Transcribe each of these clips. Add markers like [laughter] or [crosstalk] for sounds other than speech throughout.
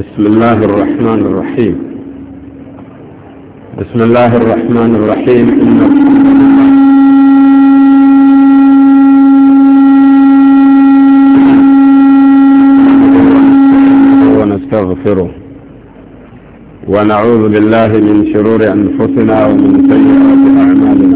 بسم الله الرحمن الرحيم بسم الله الرحمن الرحيم إن ونستغفره ونعوذ بالله من شرور أنفسنا ومن سيئات أعمالنا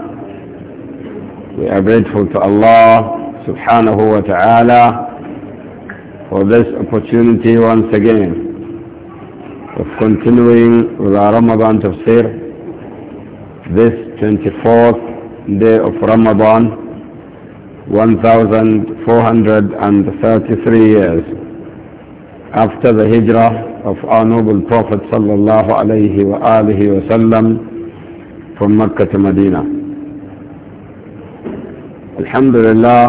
are grateful to Allah subhanahu wa ta'ala for this opportunity once again of continuing with our Ramadan tafsir this 24th day of Ramadan 1433 years after the hijrah of our noble Prophet sallallahu alayhi wa alihi wa sallam from Makkah to Medina Alhamdulillah.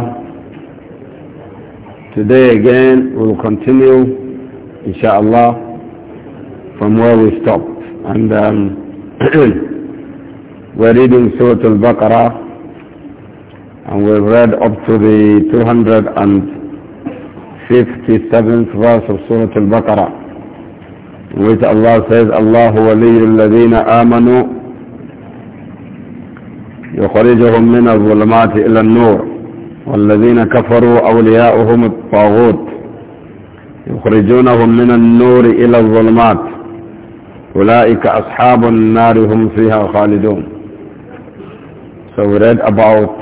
Today again we'll continue, inshaAllah, from where we stopped. And um, [clears throat] we're reading Surah Al-Baqarah and we've read up to the 257th verse of Surah Al-Baqarah, which Allah says, Allah وَلِيُّ الَّذِينَ amanu يخرجهم من الظلمات إلى النور والذين كفروا أولياؤهم الطاغوت يخرجونهم من النور إلى الظلمات أولئك أصحاب النار هم فيها خالدون So we read about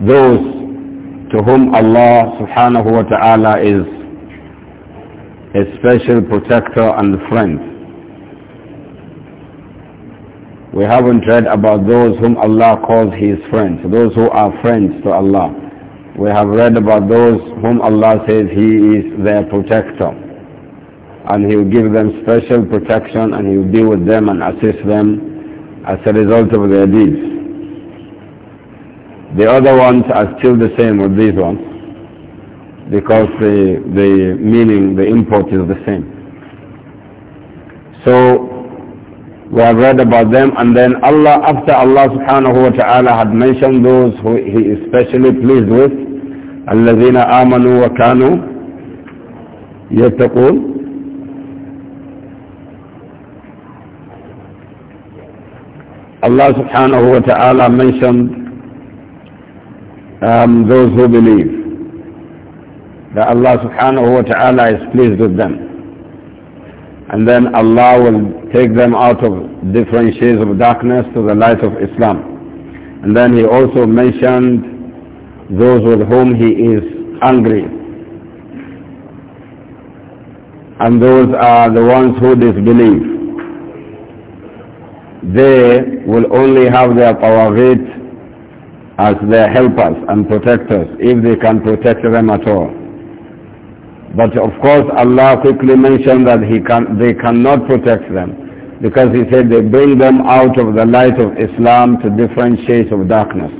those to whom Allah subhanahu wa ta'ala is a special protector and friend. We haven't read about those whom Allah calls his friends, those who are friends to Allah. We have read about those whom Allah says he is their protector. And he will give them special protection and he will be with them and assist them as a result of their deeds. The other ones are still the same with these ones because the, the meaning, the import is the same. So we have read about them and then Allah, after Allah subhanahu wa ta'ala had mentioned those who He is specially pleased with, الَّذِينَ آمَنُوا وَكَانُوا يتقون Allah subhanahu wa ta'ala mentioned um, those who believe that Allah subhanahu wa ta'ala is pleased with them and then Allah will take them out of different shades of darkness to the light of Islam. And then he also mentioned those with whom he is angry. And those are the ones who disbelieve. They will only have their Tawavit as their helpers and protectors, if they can protect them at all. But of course Allah quickly mentioned that he can, they cannot protect them because he said they bring them out of the light of Islam to different shades of darkness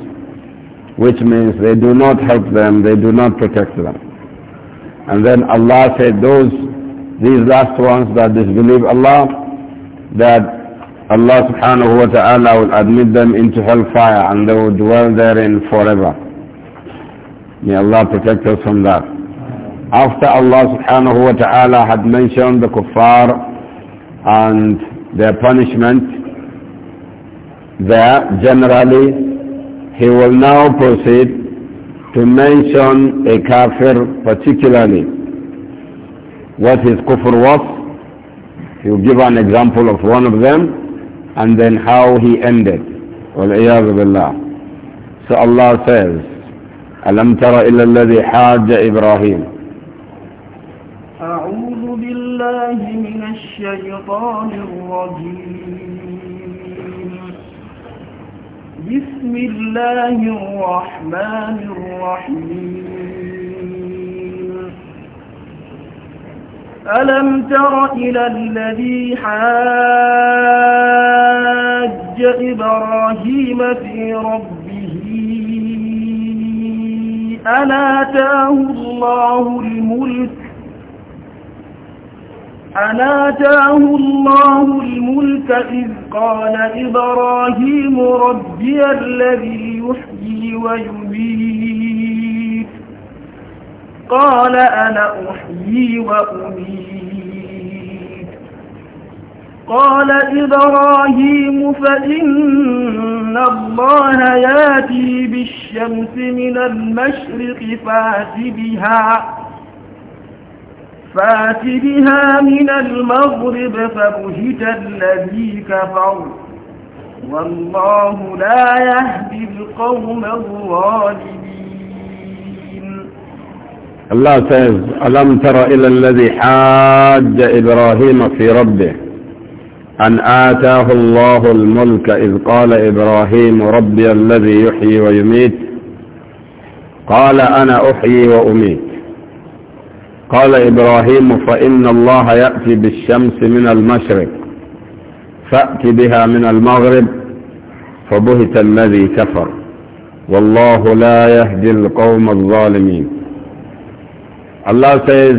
which means they do not help them, they do not protect them. And then Allah said those, these last ones that disbelieve Allah, that Allah subhanahu wa ta'ala will admit them into hellfire and they will dwell therein forever. May Allah protect us from that after Allah subhanahu wa ta'ala had mentioned the kuffar and their punishment there generally he will now proceed to mention a kafir particularly what his kufr was he will give an example of one of them and then how he ended so Allah says ألم تر إلى الذي حاج إبراهيم بالله من الشيطان الرجيم بسم الله الرحمن الرحيم ألم تر إلى الذي حاج إبراهيم في ربه ألا آتاه الله الملك أنا تاه الله الملك إذ قال إبراهيم ربي الذي يحيي ويميت قال أنا أحيي وأميت قال إبراهيم فإن الله ياتي بالشمس من المشرق فات بها فات بها من المغرب فبهت الذي كفر والله لا يهدي القوم الظالمين الله تعز ألم تر إلى الذي حاج إبراهيم في ربه أن آتاه الله الملك إذ قال إبراهيم ربي الذي يحيي ويميت قال أنا أحيي وأميت قال إبراهيم فإن الله يأتي بالشمس من المشرق فأت بها من المغرب فبهت الذي كفر والله لا يهدي القوم الظالمين الله says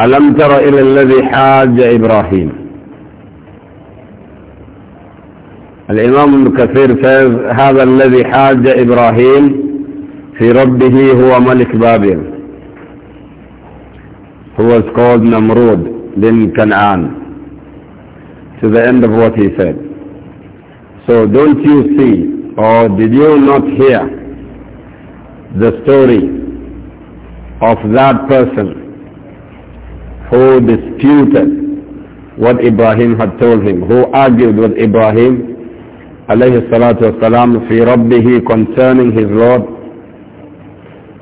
ألم تر إلى الذي حاج إبراهيم الإمام ابن كثير says هذا الذي حاج إبراهيم في ربه هو ملك بابل who was called Namrud bin Canaan to the end of what he said. So don't you see or did you not hear the story of that person who disputed what Ibrahim had told him, who argued with Ibrahim alayhi salatu wasalam fi rabbihi concerning his Lord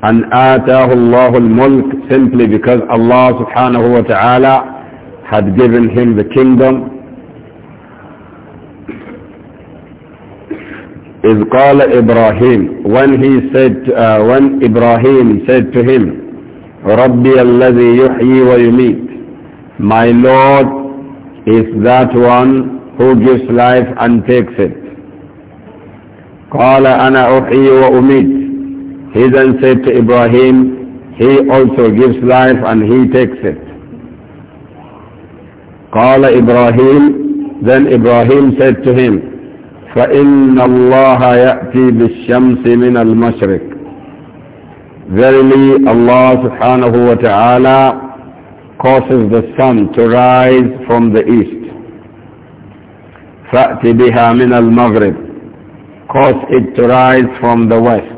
and آتاه الله الملك simply because Allah subhanahu wa ta'ala had given him the kingdom إذ قال إبراهيم when he said uh, when Ibrahim said to him ربي الذي يحيي ويميت my Lord is that one who gives life and takes it قال أنا أحيي وأميت he then said to Ibrahim, He also gives life and He takes it. قال Ibrahim. Then Ibrahim said to him, فإن الله يأتي بالشمس من المشرق Verily Allah subhanahu wa ta'ala causes the sun to rise from the east. فأت بها من المغرب Cause it to rise from the west.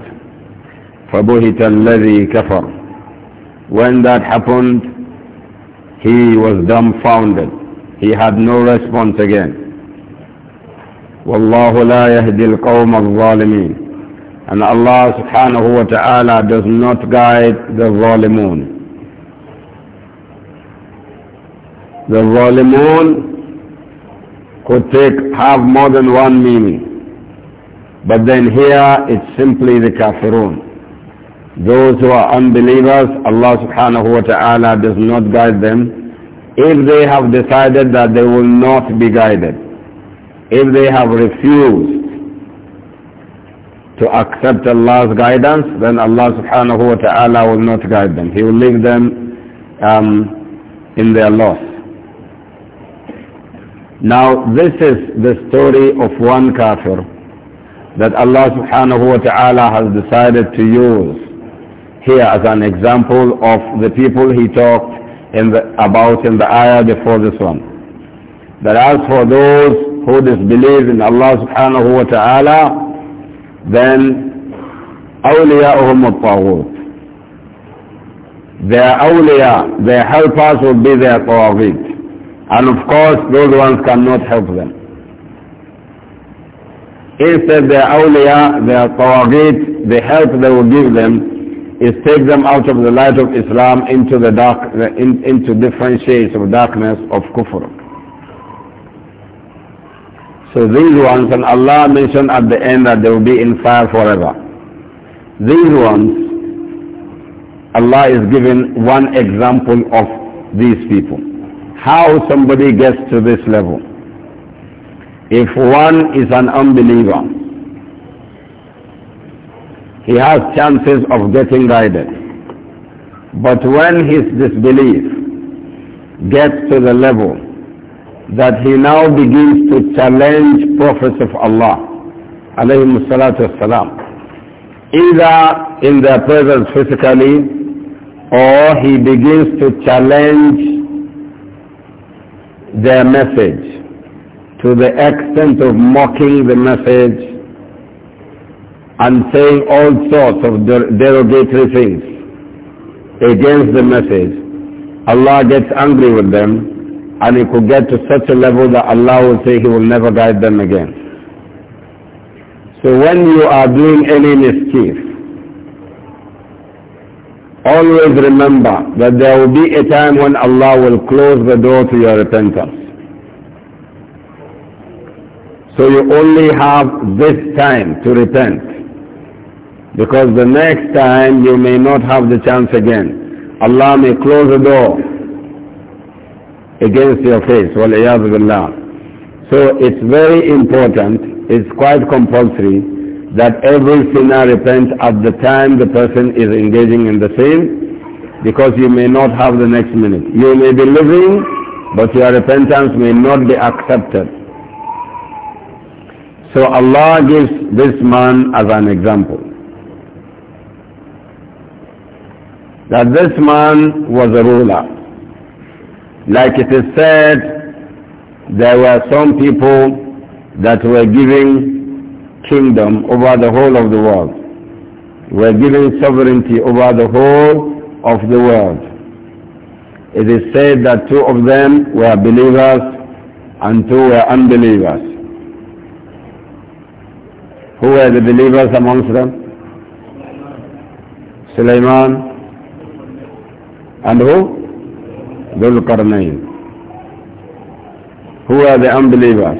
فَبُهِتَ الَّذِي كَفَرْ When that happened, he was dumbfounded. He had no response again. وَاللَّهُ لَا يَهْدِي الْقَوْمَ الظَّالِمِينَ And Allah subhanahu wa ta'ala does not guide the zalimun. The zalimun could take, have more than one meaning. But then here it's simply the kafirun. Those who are unbelievers, Allah subhanahu wa ta'ala does not guide them if they have decided that they will not be guided, if they have refused to accept Allah's guidance, then Allah subhanahu wa ta'ala will not guide them. He will leave them um, in their loss. Now this is the story of one kafir that Allah subhanahu wa ta'ala has decided to use here as an example of the people he talked in the, about in the ayah before this one. But as for those who disbelieve in Allah subhanahu wa ta'ala, then awliya'uhum al-taghut. Their awliya, their helpers will be their taghut. And of course, those ones cannot help them. Instead, their awliya, their tawaghit, the help they will give them is take them out of the light of Islam into the dark, in, into different shades of darkness of kufr. So these ones, and Allah mentioned at the end that they will be in fire forever. These ones, Allah is giving one example of these people. How somebody gets to this level. If one is an unbeliever, he has chances of getting guidance. But when his disbelief gets to the level that he now begins to challenge prophets of Allah, alayhi salatu wasalam, either in their presence physically or he begins to challenge their message to the extent of mocking the message and saying all sorts of der derogatory things against the message, Allah gets angry with them and it could get to such a level that Allah will say he will never guide them again. So when you are doing any mischief, always remember that there will be a time when Allah will close the door to your repentance. So you only have this time to repent. Because the next time you may not have the chance again. Allah may close the door against your face. So it's very important, it's quite compulsory that every sinner repents at the time the person is engaging in the sin because you may not have the next minute. You may be living but your repentance may not be accepted. So Allah gives this man as an example. that this man was a ruler. Like it is said, there were some people that were giving kingdom over the whole of the world, were giving sovereignty over the whole of the world. It is said that two of them were believers and two were unbelievers. Who were the believers amongst them? Sulaiman and who? Dhul Qarnayn. Who are the unbelievers?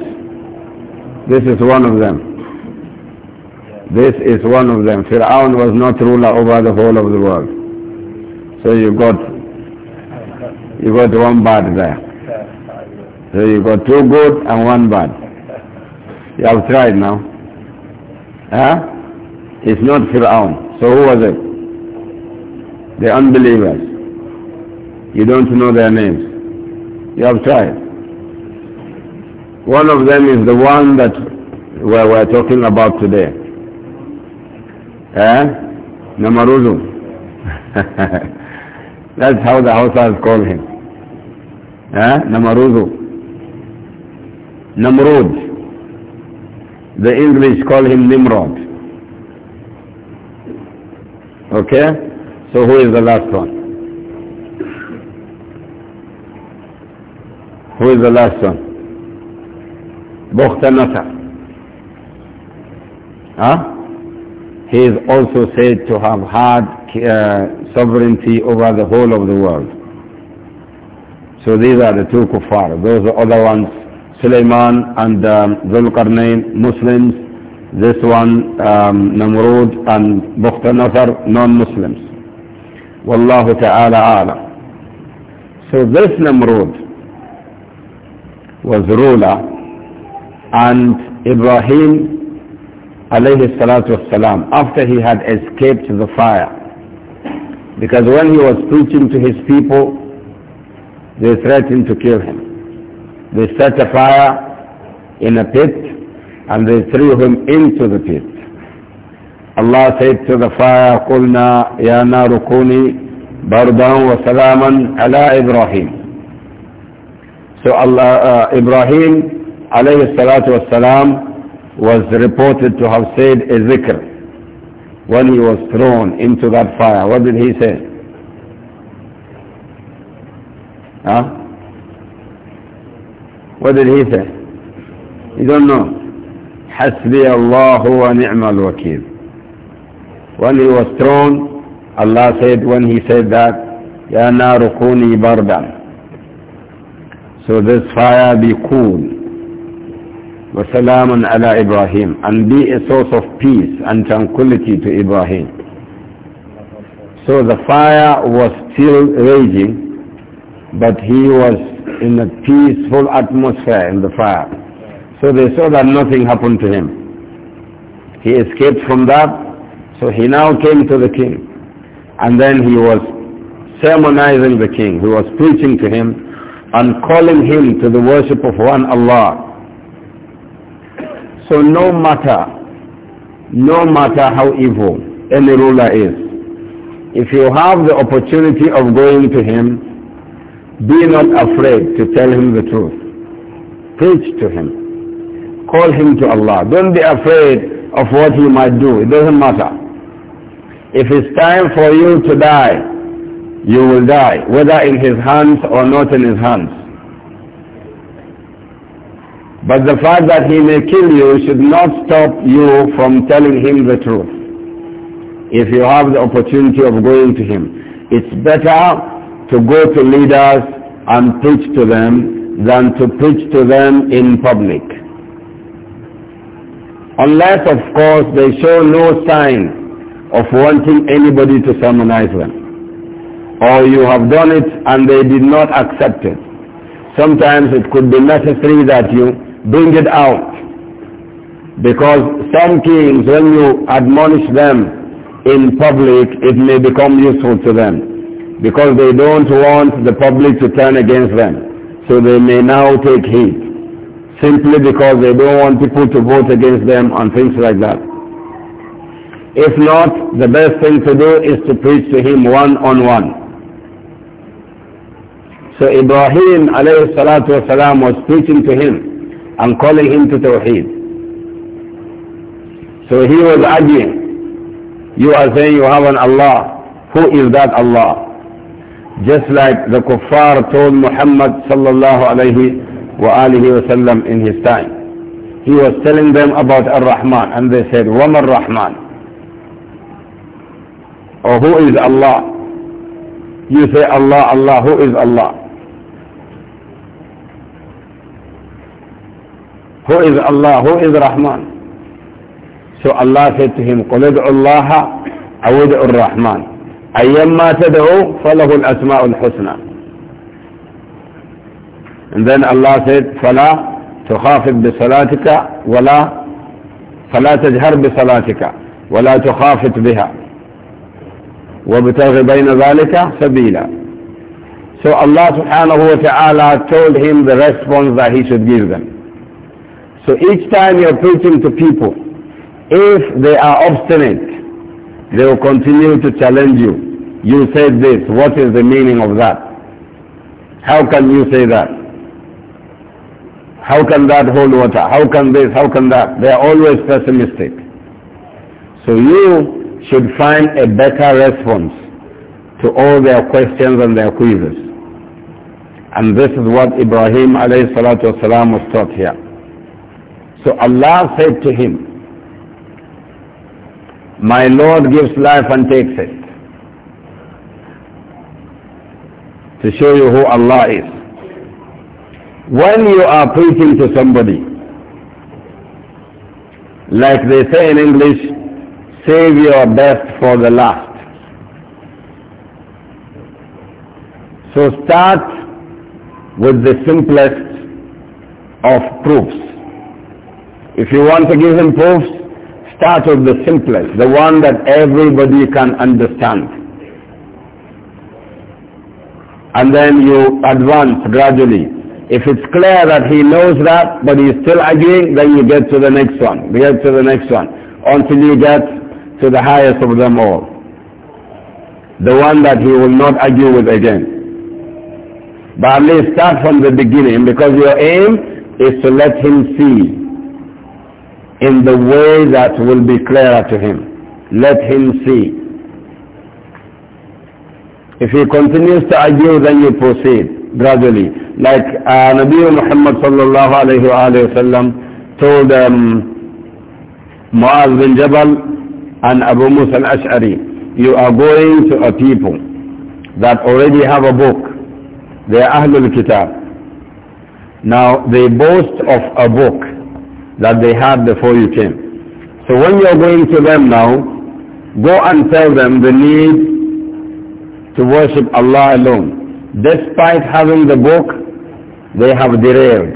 This is one of them. This is one of them. Fir'aun was not ruler over the whole of the world. So you got, you got one bad there. So you got two good and one bad. You have tried now. Huh? It's not Fir'aun. So who was it? The unbelievers. You don't know their names. You have tried. One of them is the one that we're, we're talking about today. Eh? Namaruzu. [laughs] That's how the Hausas call him. Eh? Namaruzu. Namrud. The English call him Nimrod. Okay? So who is the last one? Who is the last one? Bukhtanata. Huh? He is also said to have had uh, sovereignty over the whole of the world. So these are the two kuffar. Those are other ones, Suleiman and um, Zulkarnain, Muslims. This one, um, Namrud and Bukhtanasar, non-Muslims. Wallahu ta'ala alam. So this Namrud, was the ruler and Ibrahim alayhi salatu wasalam after he had escaped the fire because when he was preaching to his people they threatened to kill him they set a fire in a pit and they threw him into the pit Allah said to the fire قلنا يا نار كوني بردا وسلاما على إبراهيم so Allah, uh, Ibrahim alayhi salatu wasalam was reported to have said a zikr when he was thrown into that fire. What did he say? Huh? What did he say? You don't know. حسبي الله ونعم الوكيل. When he was thrown, Allah said, when he said that, يا نار كوني بردا so this fire be cool. وَسَلَامٌ ala Ibrahim And be a source of peace and tranquility to Ibrahim. So the fire was still raging, but he was in a peaceful atmosphere in the fire. So they saw that nothing happened to him. He escaped from that, so he now came to the king. And then he was sermonizing the king. He was preaching to him and calling him to the worship of one Allah. So no matter, no matter how evil any ruler is, if you have the opportunity of going to him, be not afraid to tell him the truth. Preach to him. Call him to Allah. Don't be afraid of what he might do. It doesn't matter. If it's time for you to die, you will die, whether in his hands or not in his hands. But the fact that he may kill you should not stop you from telling him the truth. If you have the opportunity of going to him, it's better to go to leaders and preach to them than to preach to them in public. Unless, of course, they show no sign of wanting anybody to sermonize them or you have done it and they did not accept it. Sometimes it could be necessary that you bring it out. Because some kings, when you admonish them in public, it may become useful to them. Because they don't want the public to turn against them. So they may now take heed. Simply because they don't want people to vote against them and things like that. If not, the best thing to do is to preach to him one on one so Ibrahim alayhi salatu wasalam was preaching to him and calling him to Tawheed. So he was arguing, you are saying you have an Allah, who is that Allah? Just like the kuffar told Muhammad sallallahu alayhi wa alihi wasallam in his time. He was telling them about Ar-Rahman and they said, Wama Ar-Rahman? Or who is Allah? You say Allah, Allah, who is Allah? Who is Allah? Who is Rahman? So Allah said to him, قُلْ ادعوا اللَّهَ أو ادعوا الرَّحْمَنِ أَيَّمَّا تدعو فَلَهُ الْأَسْمَاءُ الْحُسْنَى And then Allah said, فَلَا تخافت بِصَلَاتِكَ وَلَا فَلَا تَجْهَرْ بِصَلَاتِكَ وَلَا تُخَافِتْ بِهَا وبتغي بَيْنَ ذَلِكَ سَبِيلًا So Allah subhanahu wa ta'ala told him the response that he should give them. So each time you're preaching to people, if they are obstinate, they will continue to challenge you. You said this, what is the meaning of that? How can you say that? How can that hold water? How can this? How can that? They are always pessimistic. So you should find a better response to all their questions and their quizzes. And this is what Ibrahim alayhi salatu was taught here. So Allah said to him, my Lord gives life and takes it. To show you who Allah is. When you are preaching to somebody, like they say in English, save your best for the last. So start with the simplest of proofs. If you want to give him proofs, start with the simplest, the one that everybody can understand. And then you advance gradually. If it's clear that he knows that, but he's still arguing, then you get to the next one, you get to the next one, until you get to the highest of them all. The one that he will not argue with again. But at least start from the beginning because your aim is to let him see in the way that will be clearer to him. Let him see. If he continues to argue, then you proceed gradually. Like uh, Nabi Muhammad sallallahu alayhi wa sallam told um, Muaz bin Jabal and Abu Musa al-Ash'ari, you are going to a people that already have a book. They are Ahlul Kitab. Now, they boast of a book that they had before you came. So when you're going to them now, go and tell them the need to worship Allah alone. Despite having the book, they have derailed.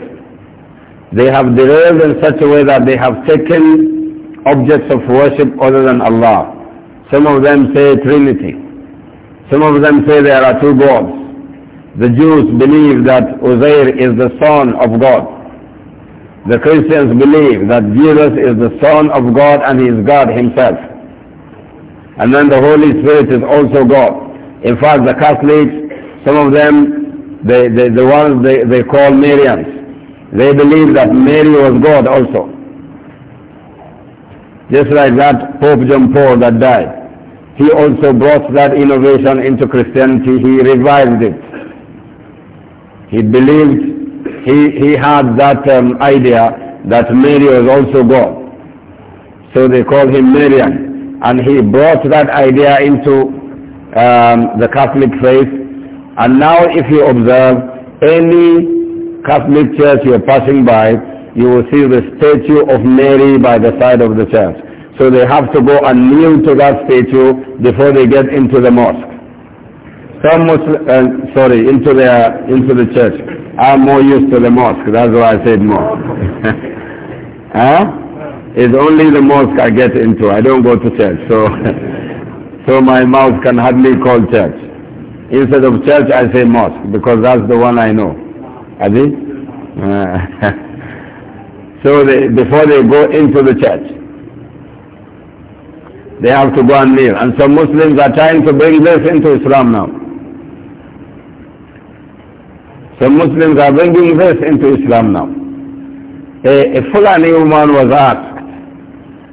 They have derailed in such a way that they have taken objects of worship other than Allah. Some of them say Trinity. Some of them say there are two gods. The Jews believe that Uzair is the son of God. The Christians believe that Jesus is the Son of God and He is God Himself. And then the Holy Spirit is also God. In fact, the Catholics, some of them, they, they, the ones they, they call Marians, they believe that Mary was God also. Just like that Pope John Paul that died. He also brought that innovation into Christianity. He revived it. He believed he, he had that um, idea that Mary was also God. So they called him Marian. And he brought that idea into um, the Catholic faith. And now if you observe any Catholic church you're passing by, you will see the statue of Mary by the side of the church. So they have to go and kneel to that statue before they get into the mosque. Some Muslim, uh, sorry, into, their, into the church. I'm more used to the mosque, that's why I said mosque. [laughs] huh? It's only the mosque I get into, I don't go to church, so, [laughs] so my mouth can hardly call church. Instead of church, I say mosque, because that's the one I know. Are Uh, [laughs] so they, before they go into the church, they have to go and kneel. And some Muslims are trying to bring this into Islam now. Some Muslims are bringing this into Islam now. A, a Fulani woman was asked,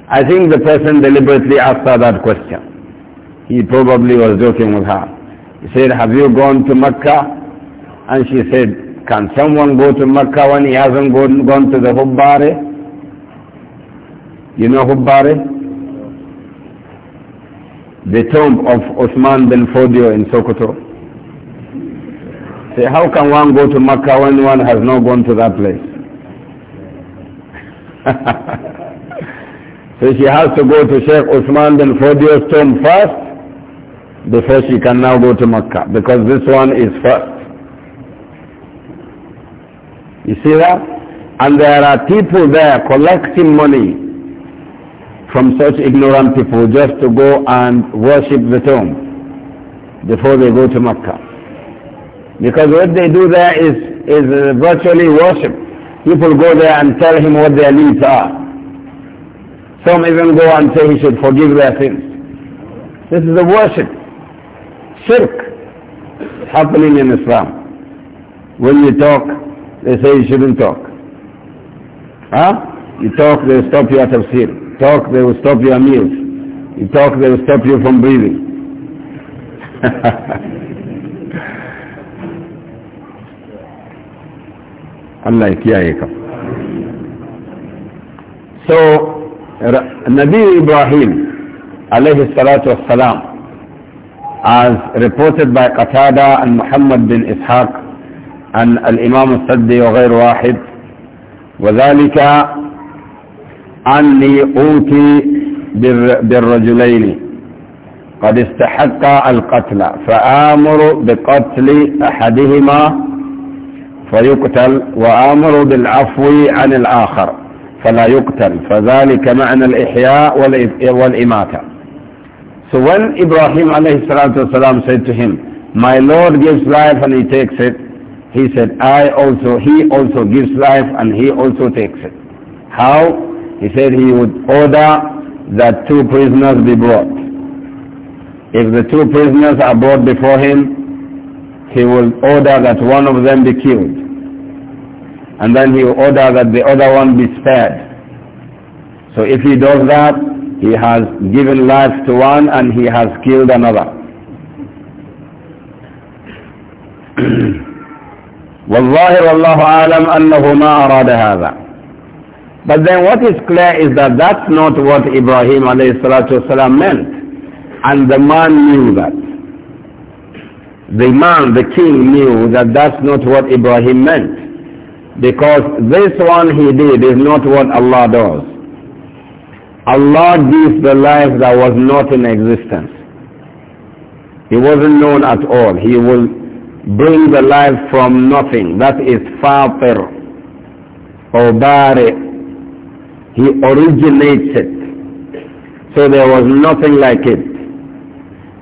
I think the person deliberately asked her that question. He probably was joking with her. He said, have you gone to Mecca? And she said, can someone go to Mecca when he hasn't gone, gone to the Hubbari? You know Hubbari? the tomb of Osman bin Fodio in Sokoto say, how can one go to Mecca when one has not gone to that place? [laughs] so she has to go to Sheikh Usman bin Fodio's tomb first before she can now go to Mecca because this one is first. You see that? And there are people there collecting money from such ignorant people just to go and worship the tomb before they go to Mecca. Because what they do there is, is uh, virtually worship. People go there and tell him what their needs are. Some even go and say he should forgive their sins. This is a worship. Shirk happening in Islam. When you talk, they say you shouldn't talk. Huh? You talk, they will stop you of tafsir. Talk, they will stop your meals. You talk, they will stop you from breathing. [laughs] Allah ya kiyaye ka so Nabi Ibrahim alayhi salatu wassalam as reported by Qatada and Muhammad bin Ishaq and Al-Imam al-Saddi wa غير واحد وذلك أني أوتي بالرجلين قد استحق القتل فآمر بقتل أحدهما فيقتل بالعفو عن الآخر فلا يقتل فذلك معنى الإحياء So when Ibrahim alayhi salatu wasalam said to him, My Lord gives life and he takes it, he said, I also, he also gives life and he also takes it. How? He said he would order that two prisoners be brought. If the two prisoners are brought before him, he will order that one of them be killed and then he will order that the other one be spared. So if he does that, he has given life to one and he has killed another. والظاهر أعلم أنه ما أراد هذا but then what is clear is that that's not what Ibrahim والسلام, meant. And the man knew that. The man, the king knew that that's not what Ibrahim meant. Because this one he did is not what Allah does. Allah gives the life that was not in existence. He wasn't known at all. He will bring the life from nothing. That is Fatir or Bari. He originates it. So there was nothing like it.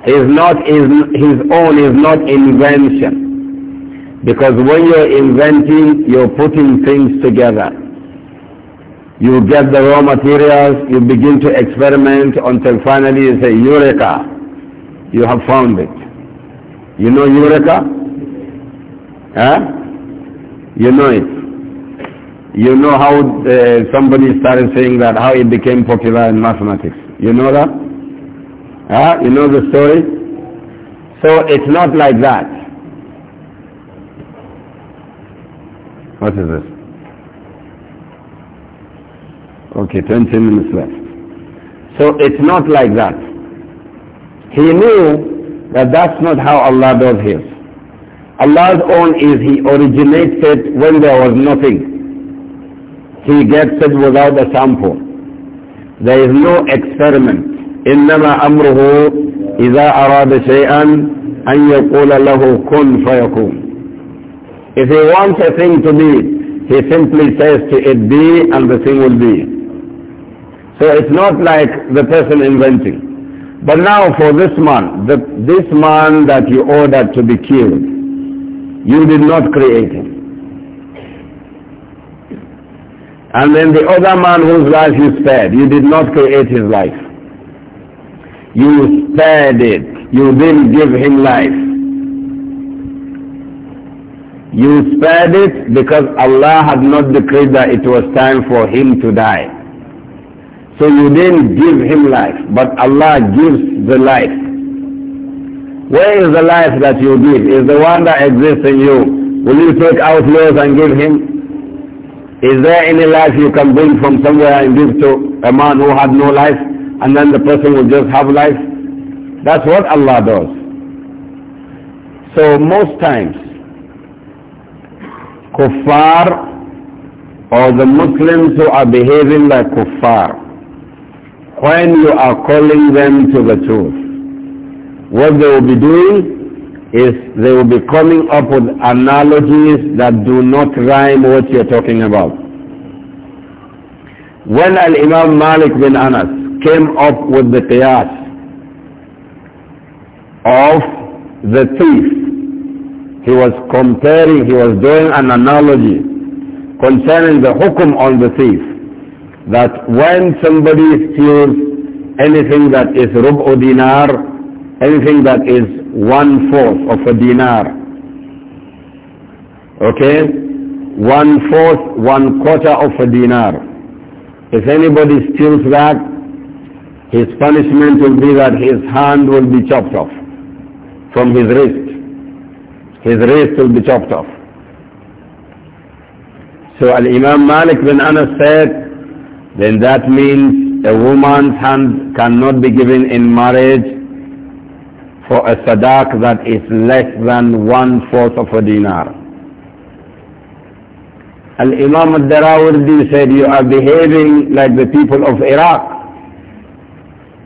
His, not, his, his own is not invention. Because when you're inventing, you're putting things together. You get the raw materials, you begin to experiment until finally you say, Eureka! You have found it. You know Eureka? Huh? You know it. You know how uh, somebody started saying that, how it became popular in mathematics. You know that? Huh? You know the story? So it's not like that. What is this? Okay, 20 minutes left. So it's not like that. He knew that that's not how Allah does His. Allah's own is He originates it when there was nothing. He gets it without a sample. There is no experiment. إنما أمره إذا أراد شيئا أن يقول له كن فيكون if he wants a thing to be, he simply says to it be and the thing will be. So it's not like the person inventing. But now for this man, the, this man that you ordered to be killed, you did not create him. And then the other man whose life you spared, you did not create his life. You spared it. You didn't give him life. You spared it because Allah had not decreed that it was time for him to die. So you didn't give him life, but Allah gives the life. Where is the life that you give? Is the one that exists in you. Will you take out yours and give him? Is there any life you can bring from somewhere and give to a man who had no life and then the person will just have life? That's what Allah does. So most times kuffar or the Muslims who are behaving like kuffar when you are calling them to the truth. What they will be doing is they will be coming up with analogies that do not rhyme what you're talking about. When Al-Imam Malik bin Anas came up with the qiyas of the thief he was comparing, he was doing an analogy concerning the hukum on the thief. That when somebody steals anything that is rub'u dinar, anything that is one-fourth of a dinar, okay, one-fourth, one-quarter of a dinar, if anybody steals that, his punishment will be that his hand will be chopped off from his wrist his wrist will be chopped off. So Al-Imam Malik bin Anas said, then that means a woman's hand cannot be given in marriage for a sadaq that is less than one-fourth of a dinar. Al-Imam al-Darawardi said, you are behaving like the people of Iraq.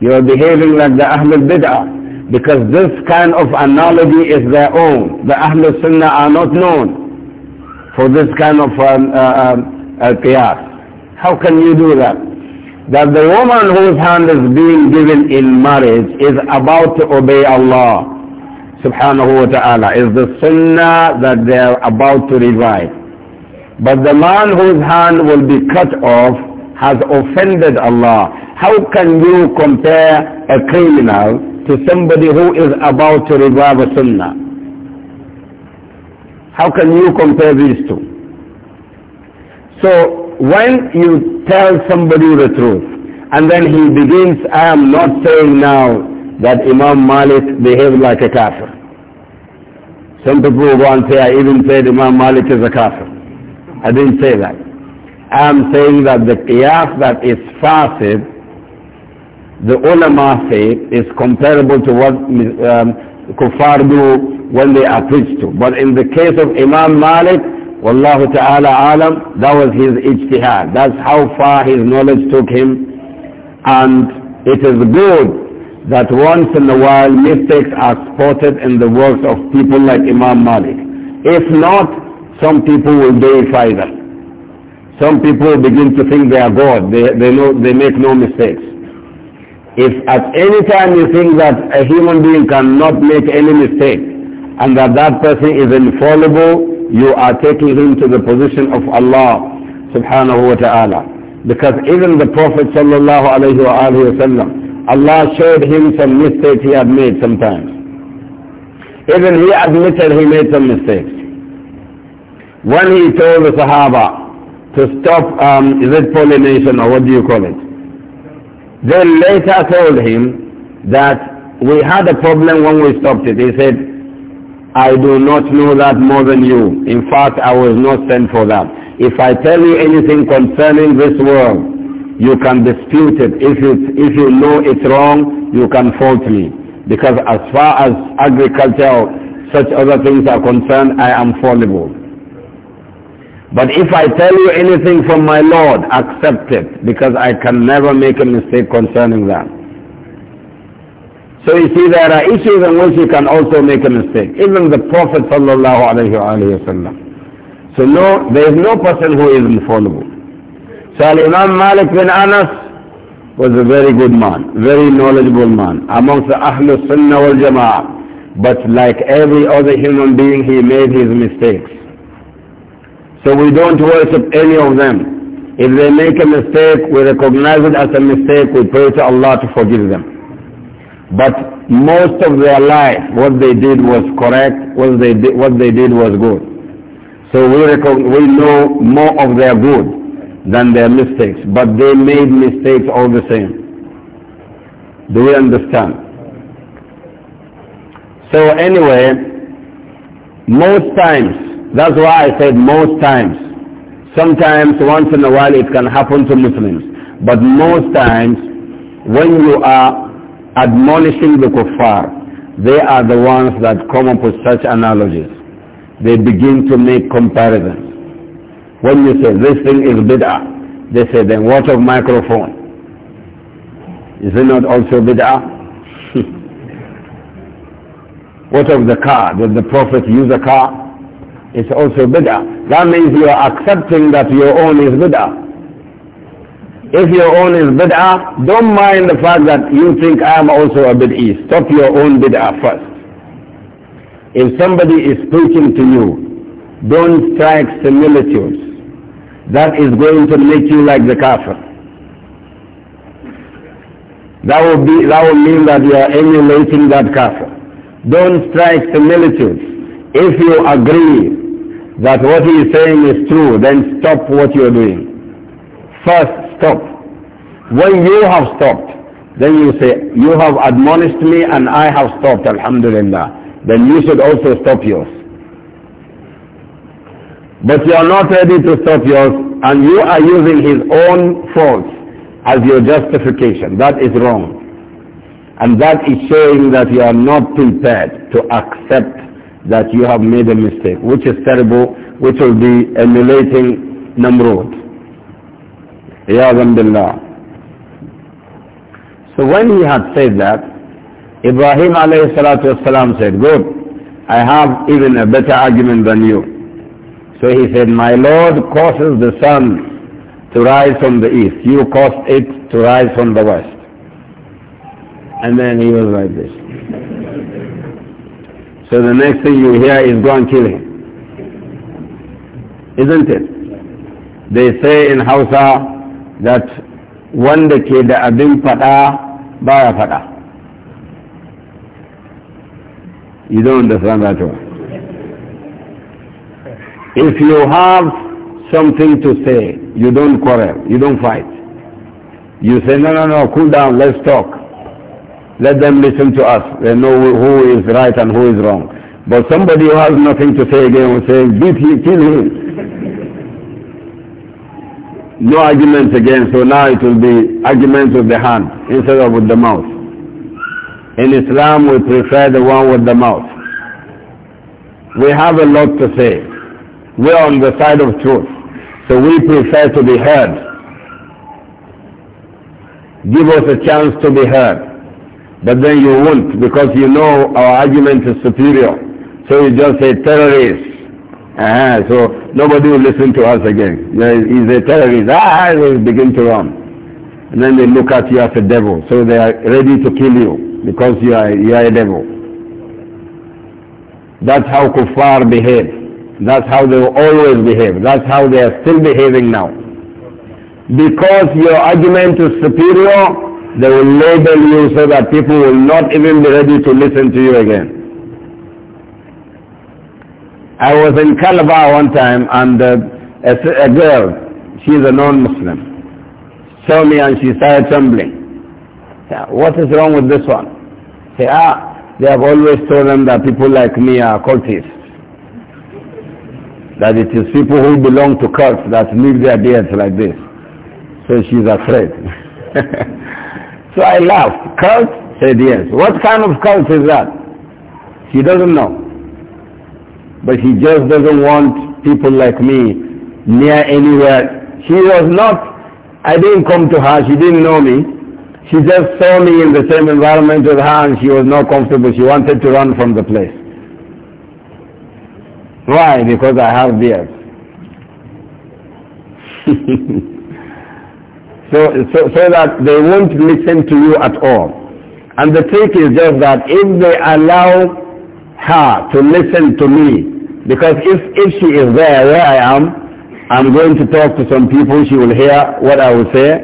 You are behaving like the Ahlul Bid'ah because this kind of analogy is their own. The Ahlul Sunnah are not known for this kind of um uh, um, uh, qiyas. How can you do that? That the woman whose hand is being given in marriage is about to obey Allah subhanahu wa ta'ala, is the sunnah that they are about to revive. But the man whose hand will be cut off has offended Allah. How can you compare a criminal to somebody who is about to revive a sunnah. How can you compare these two? So when you tell somebody the truth and then he begins, I am not saying now that Imam Malik behaved like a kafir. Some people will go and say, I even said Imam Malik is a kafir. I didn't say that. I am saying that the qiyas that is fasid the ulama faith is comparable to what um, kuffar do when they are preached to. But in the case of Imam Malik, Wallahu ta'ala alam, that was his ijtihad. That's how far his knowledge took him. And it is good that once in a while mistakes are spotted in the works of people like Imam Malik. If not, some people will deify them. Some people begin to think they are God. They, they, know, they make no mistakes. If at any time you think that a human being cannot make any mistake and that that person is infallible, you are taking him to the position of Allah subhanahu wa ta'ala. Because even the Prophet sallallahu alayhi wa sallam, Allah showed him some mistakes he had made sometimes. Even he admitted he made some mistakes. When he told the Sahaba to stop, um, is it pollination or what do you call it? They later told him that we had a problem when we stopped it. He said, I do not know that more than you. In fact, I was not sent for that. If I tell you anything concerning this world, you can dispute it. If, it, if you know it's wrong, you can fault me. Because as far as agriculture or such other things are concerned, I am fallible. But if I tell you anything from my Lord, accept it, because I can never make a mistake concerning that. So you see, there are issues in which you can also make a mistake. Even the Prophet sallallahu So no, there is no person who is infallible. So Imam Malik bin Anas was a very good man, very knowledgeable man, amongst the Ahlul Sunnah wal Jama'ah. But like every other human being, he made his mistakes. So we don't worship any of them. If they make a mistake, we recognize it as a mistake, we pray to Allah to forgive them. But most of their life, what they did was correct, what they did, what they did was good. So we, we know more of their good than their mistakes, but they made mistakes all the same. Do we understand? So anyway, most times that's why I said most times. Sometimes, once in a while, it can happen to Muslims. But most times, when you are admonishing the kuffar, they are the ones that come up with such analogies. They begin to make comparisons. When you say, this thing is bid'ah, they say, then what of microphone? Is it not also bid'ah? [laughs] what of the car? Did the Prophet use a car? It's also bid'ah. That means you are accepting that your own is bid'ah. If your own is bid'ah, don't mind the fact that you think I am also a bid'ah. Stop your own bid'ah first. If somebody is preaching to you, don't strike similitudes. That is going to make you like the kafir. That will, be, that will mean that you are emulating that kafir. Don't strike similitudes. If you agree that what he is saying is true, then stop what you are doing. First, stop. When you have stopped, then you say, you have admonished me and I have stopped, alhamdulillah. Then you should also stop yours. But you are not ready to stop yours and you are using his own faults as your justification. That is wrong. And that is showing that you are not prepared to accept that you have made a mistake, which is terrible, which will be emulating Namrud. Billah. So when he had said that, Ibrahim alayhi salatu wasalam said, good, I have even a better argument than you. So he said, my Lord causes the sun to rise from the east. You caused it to rise from the west. And then he was like this. So the next thing you hear is go and kill him. Isn't it? They say in Hausa that wanda ke da abin fada baya fada. You don't understand that one. If you have something to say, you don't quarrel, you don't fight. You say, no, no, no, cool down, let's talk. Let them listen to us. They know who is right and who is wrong. But somebody who has nothing to say again will say, beat him, kill him. No arguments again, so now it will be arguments with the hand instead of with the mouth. In Islam, we prefer the one with the mouth. We have a lot to say. We're on the side of truth, so we prefer to be heard. Give us a chance to be heard. But then you won't because you know our argument is superior. So you just say terrorists. Uh -huh. so nobody will listen to us again. He's a terrorist. Ah, ah, they begin to run. And then they look at you as a devil. So they are ready to kill you because you are, you are a devil. That's how kuffar behave. That's how they always behave. That's how they are still behaving now. Because your argument is superior, they will label you so that people will not even be ready to listen to you again. I was in Calabar one time and uh, a, a, girl, she's a non-Muslim, saw me and she started trembling. Said, what is wrong with this one? Say, ah, they have always told them that people like me are cultists. That it is people who belong to cults that live their beards like this. So she's afraid. [laughs] So I laughed. Cult? Said yes. What kind of cult is that? She doesn't know. But she just doesn't want people like me near anywhere. She was not, I didn't come to her, she didn't know me. She just saw me in the same environment as her and she was not comfortable. She wanted to run from the place. Why? Because I have beard. [laughs] so, so, so that they won't listen to you at all. And the trick is just that if they allow her to listen to me, because if, if she is there where I am, I'm going to talk to some people, she will hear what I will say,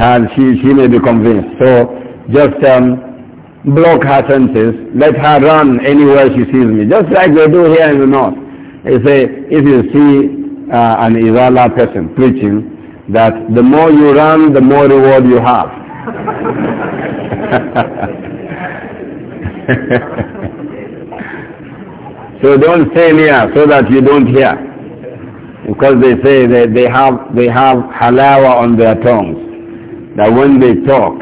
and she, she may be convinced. So just um, block her senses, let her run anywhere she sees me, just like they do here in the north. They say, if you see uh, an Izala person preaching, that the more you run, the more reward you have. [laughs] so don't stay near, so that you don't hear. Because they say that they have, they have halawa on their tongues. That when they talk,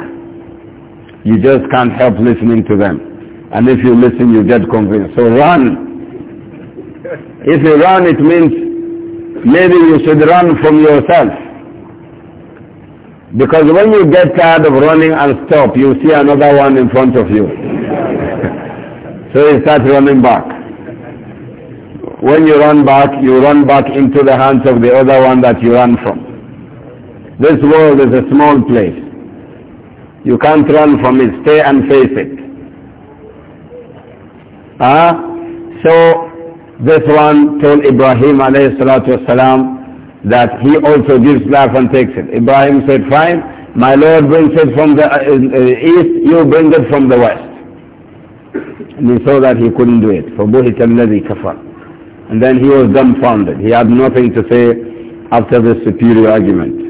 you just can't help listening to them. And if you listen, you get convinced. So run. If you run, it means maybe you should run from yourself. Because when you get tired of running and stop, you see another one in front of you. [laughs] so you start running back. When you run back, you run back into the hands of the other one that you ran from. This world is a small place. You can't run from it. Stay and face it. Ah, huh? So this one told Ibrahim alayhi salatu wasalam, that he also gives life and takes it. Ibrahim said, fine, my Lord brings it from the uh, uh, east, you bring it from the west. And he saw that he couldn't do it. And then he was dumbfounded. He had nothing to say after this superior argument.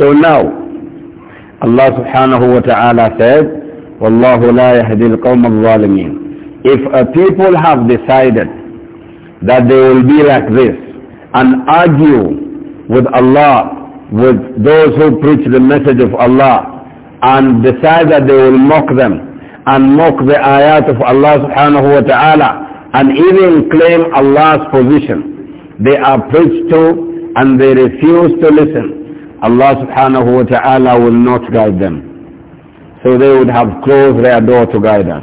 So now, Allah subhanahu wa ta'ala said, وَاللَّهُ لَا يَهْدِي الْقَوْمَ الظَّالِمِينَ If a people have decided that they will be like this and argue with Allah, with those who preach the message of Allah and decide that they will mock them and mock the ayat of Allah subhanahu wa ta'ala and even claim Allah's position. They are preached to and they refuse to listen. Allah subhanahu wa ta'ala will not guide them. So they would have closed their door to guide us.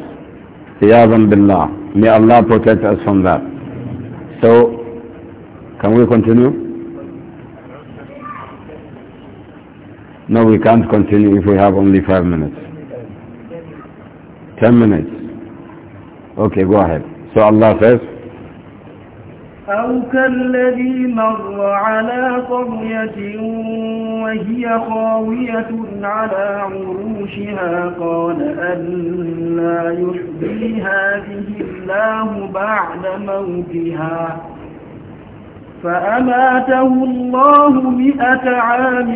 Iyazan May Allah protect us from that. So, can we continue? No, we can't continue if we have only five minutes. Ten minutes. Okay, go ahead. So Allah says, أو كالذي مر على قرية وهي خاوية على عروشها قال أنا يحيي هذه الله بعد موتها فأماته الله مئة عام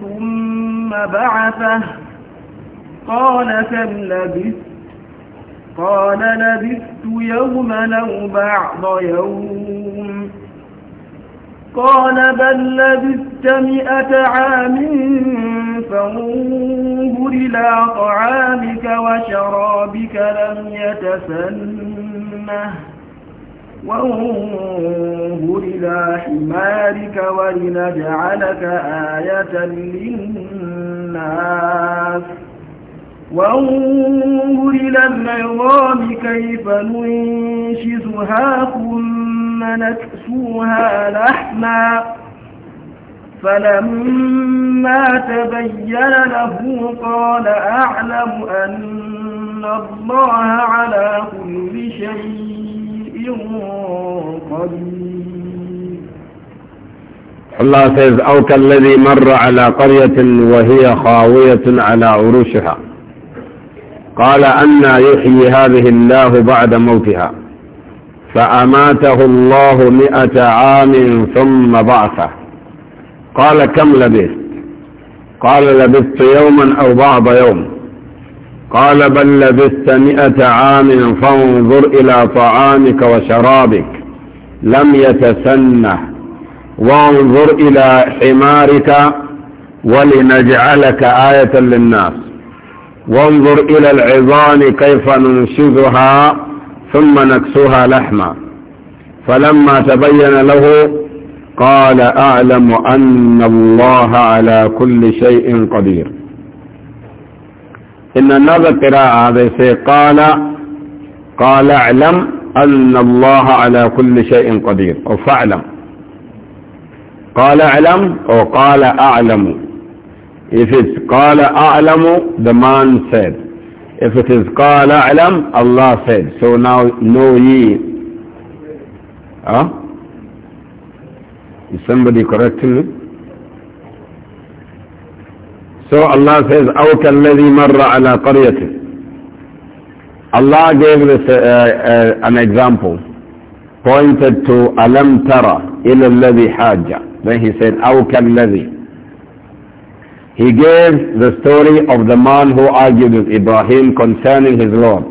ثم بعثه قال كم لبثت قال لبثت يوما أو بعض يوم قال بل لبثت مئة عام فانظر إلى طعامك وشرابك لم يتسنه وانظر إلى حمارك ولنجعلك آية للناس وانظر إلى العظام كيف ننشزها ثم نكسوها لحما فلما تبين له قال أعلم أن الله على كل شيء قدير الله says أو كالذي مر على قرية وهي خاوية على عروشها قال أنا يحيي هذه الله بعد موتها فأماته الله مئة عام ثم بعثه قال كم لبثت قال لبثت يوما أو بعض يوم قال بل لبثت مئة عام فانظر إلى طعامك وشرابك لم يتسنه وانظر إلى حمارك ولنجعلك آية للناس وانظر إلى العظام كيف ننشذها ثم نكسوها لحما فلما تبين له قال أعلم أن الله على كل شيء قدير إن another قراءة they قال قال اعلم أن الله على كل شيء قدير أو فاعلم قال اعلم أو قال أعلم If it's qala a'lamu, the man said. If it is qala a'lam, Allah said. So now know ye. Huh? Is somebody correcting me? So Allah says, أُوْكَ الَّذِي مَرَّ عَلَى قَرْيَةٍ Allah gave us uh, uh, an example, pointed to أَلَمْ تَرَ إِلَى الَّذِي حَاجَّ Then he said, أُوْكَ الَّذِي he gave the story of the man who argued with Ibrahim concerning his Lord,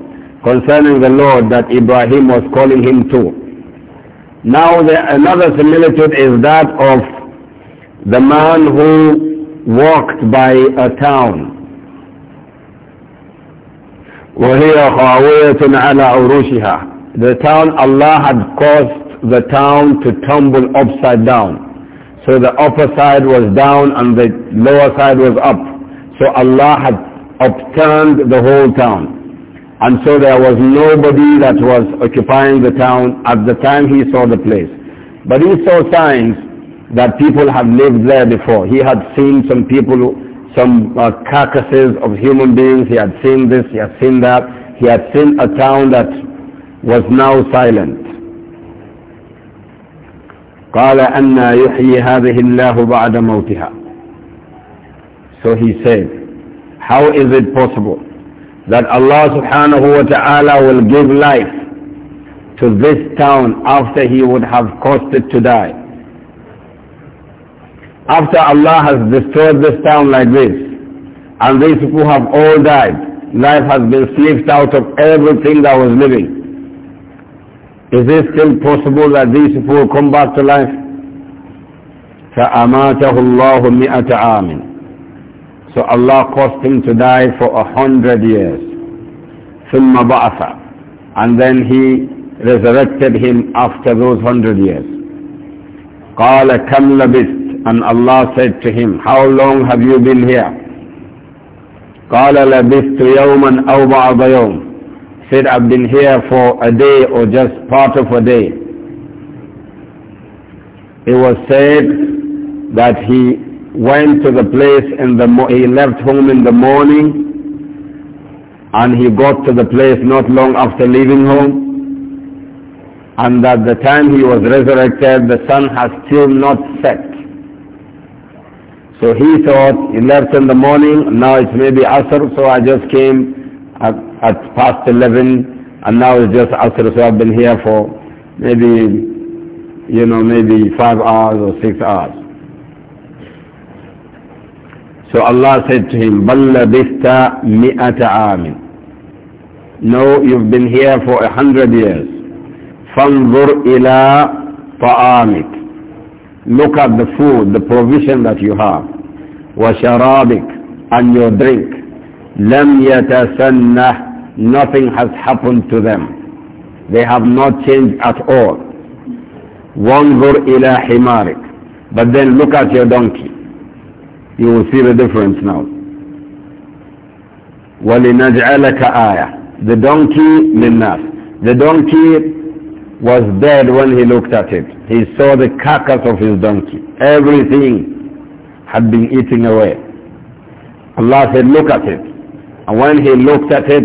concerning the Lord that Ibrahim was calling him to. Now the, another similitude is that of the man who walked by a town. The town Allah had caused the town to tumble upside down. So the upper side was down and the lower side was up. So Allah had upturned the whole town. And so there was nobody that was occupying the town at the time he saw the place. But he saw signs that people have lived there before. He had seen some people, some uh, carcasses of human beings. He had seen this, he had seen that. He had seen a town that was now silent. قال أن يحيي هذه الله بعد موتها So he said, how is it possible that Allah subhanahu wa ta'ala will give life to this town after he would have caused it to die? After Allah has destroyed this town like this, and these people have all died, life has been sniffed out of everything that was living. Is it still possible that these people come back to life? فَأَمَاتَهُ اللَّهُ مِئَةَ عَامٍ So Allah caused him to die for a hundred years. ثُمَّ بَعَثَ And then He resurrected him after those hundred years. قَالَ كَمْ لَبِثْتَ And Allah said to him, How long have you been here? قَالَ لَبِثْتُ يَوْمًا أَوْ بَعْضَ يَوْمٍ said, I've been here for a day or just part of a day. It was said that he went to the place in the, he left home in the morning and he got to the place not long after leaving home and that the time he was resurrected the sun has still not set. So he thought, he left in the morning, now it's maybe Asr, so I just came at, past 11 and now it's just after so I've been here for maybe, you know, maybe five hours or six hours. So Allah said to him, بَلَّ بِثْتَ مِئَةَ عَامٍ No, you've been here for a hundred years. فَانْظُرْ إِلَىٰ طَعَامِكَ Look at the food, the provision that you have. وَشَرَابِكَ And your drink. لم يتسنه nothing has happened to them they have not changed at all وانظر إلى حمارك but then look at your donkey you will see the difference now ولنجعلك آية the donkey للناس the donkey was dead when he looked at it he saw the carcass of his donkey everything had been eaten away Allah said look at it and when he looked at it,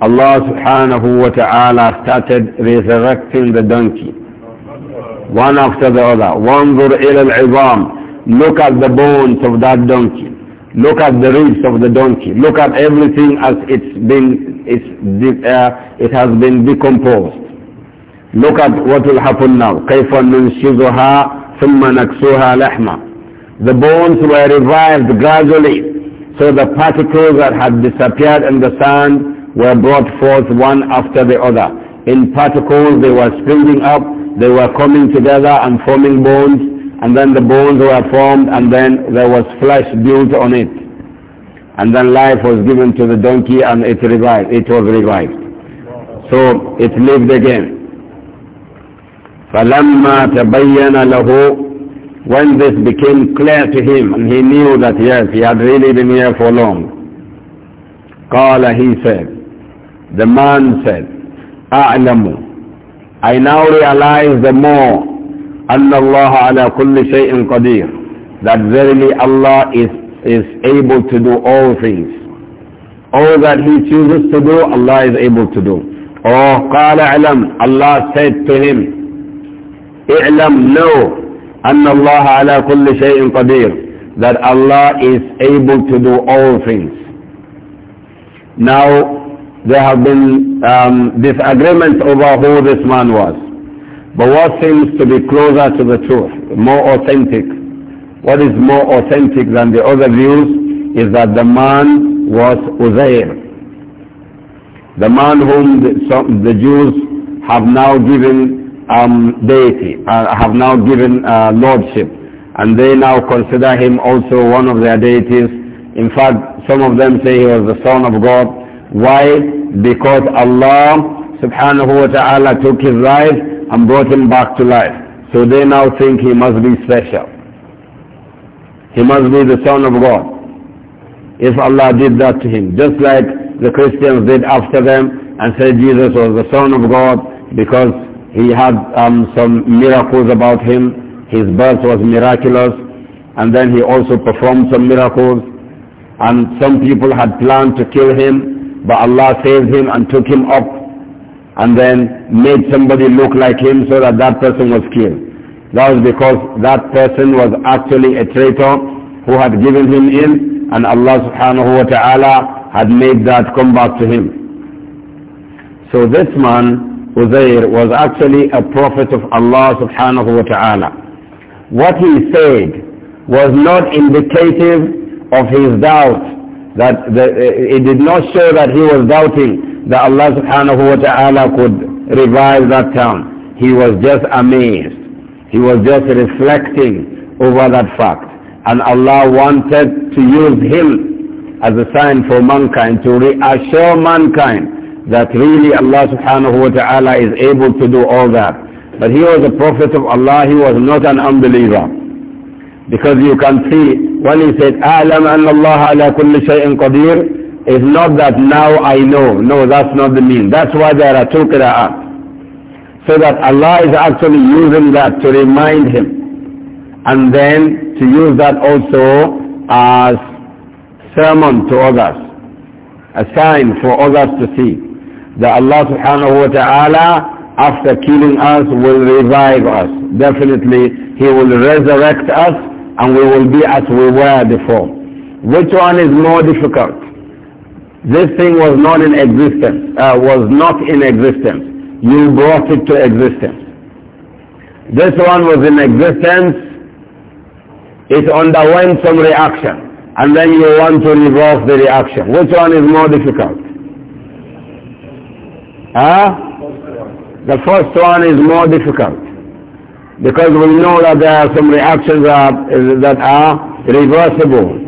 Allah subhanahu wa ta'ala started resurrecting the donkey. One after the other. وَانْظُرْ al ibam. Look at the bones of that donkey. Look at the ribs of the donkey. Look at everything as it's been, it's, uh, it has been decomposed. Look at what will happen now. كَيْفَ نُنْشِزُهَا ثُمَّ نَكْسُوهَا لَحْمًا The bones were revived gradually. So the particles that had disappeared in the sand were brought forth one after the other. In particles they were springing up, they were coming together and forming bones, and then the bones were formed and then there was flesh built on it. And then life was given to the donkey and it revived, it was revived. So it lived again. فَلَمَّا تَبَيَّنَ لَهُ when this became clear to him and he knew that yes, he had really been here for long, Kala, he said, the man said, A'lamu, I now realize the more أن الله على كل شيء قدير that verily Allah is, is able to do all things. All that He chooses to do, Allah is able to do. Or قال علم, Allah said to him, اعلم, know, أن الله على كل شيء قدير that Allah is able to do all things. Now, there have been um, disagreements over who this man was. But what seems to be closer to the truth, more authentic, what is more authentic than the other views is that the man was Uzair. The man whom the, some, the Jews have now given um, deity, uh, have now given uh, lordship. And they now consider him also one of their deities. In fact, some of them say he was the son of God. Why? Because Allah subhanahu wa ta'ala took his life and brought him back to life. So they now think he must be special. He must be the son of God. If Allah did that to him, just like the Christians did after them and said Jesus was the son of God because he had um, some miracles about him. His birth was miraculous. And then he also performed some miracles. And some people had planned to kill him, but Allah saved him and took him up and then made somebody look like him so that that person was killed. That was because that person was actually a traitor who had given him in and Allah subhanahu wa ta'ala had made that come back to him. So this man Uzair was actually a prophet of Allah subhanahu wa ta'ala. What he said was not indicative of his doubt that the, eh, it did not show that he was doubting that Allah subhanahu wa ta'ala could revive that town. He was just amazed. He was just reflecting over that fact. And Allah wanted to use him as a sign for mankind, to reassure mankind that really Allah subhanahu wa ta'ala is able to do all that. But he was a prophet of Allah, he was not an unbeliever. Because you can see when he said, أَعْلَمْ أَنَّ اللَّهَ عَلَى كُلِّ شَيْءٍ قَدِيرٍ It's not that now I know. No, that's not the mean. That's why there are two qira'at. So that Allah is actually using that to remind him. And then to use that also as sermon to others. A sign for others to see that Allah subhanahu wa ta'ala after killing us will revive us. Definitely he will resurrect us and we will be as we were before. Which one is more difficult? This thing was not in existence, uh, was not in existence. You brought it to existence. This one was in existence. It underwent some reaction. And then you want to reverse the reaction. Which one is more difficult? Huh? The first one is more difficult because we know that there are some reactions that, that are reversible.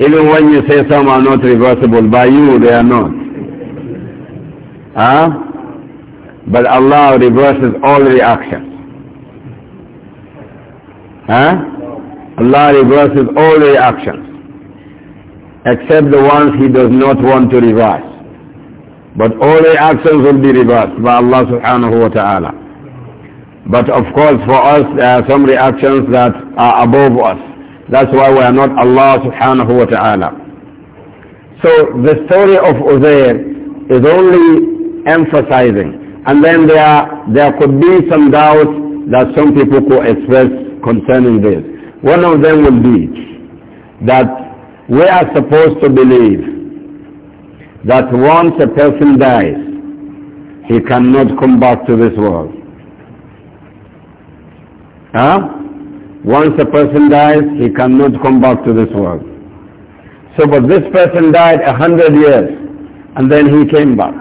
Even when you say some are not reversible, by you they are not. Huh? But Allah reverses all reactions. Huh? Allah reverses all reactions except the ones He does not want to reverse. But all the actions will be reversed by Allah subhanahu wa ta'ala. But of course for us there are some reactions that are above us. That's why we are not Allah subhanahu wa ta'ala. So the story of Uzair is only emphasizing. And then there, there could be some doubts that some people could express concerning this. One of them will be that we are supposed to believe that once a person dies, he cannot come back to this world. Huh? Once a person dies, he cannot come back to this world. So, but this person died a hundred years, and then he came back.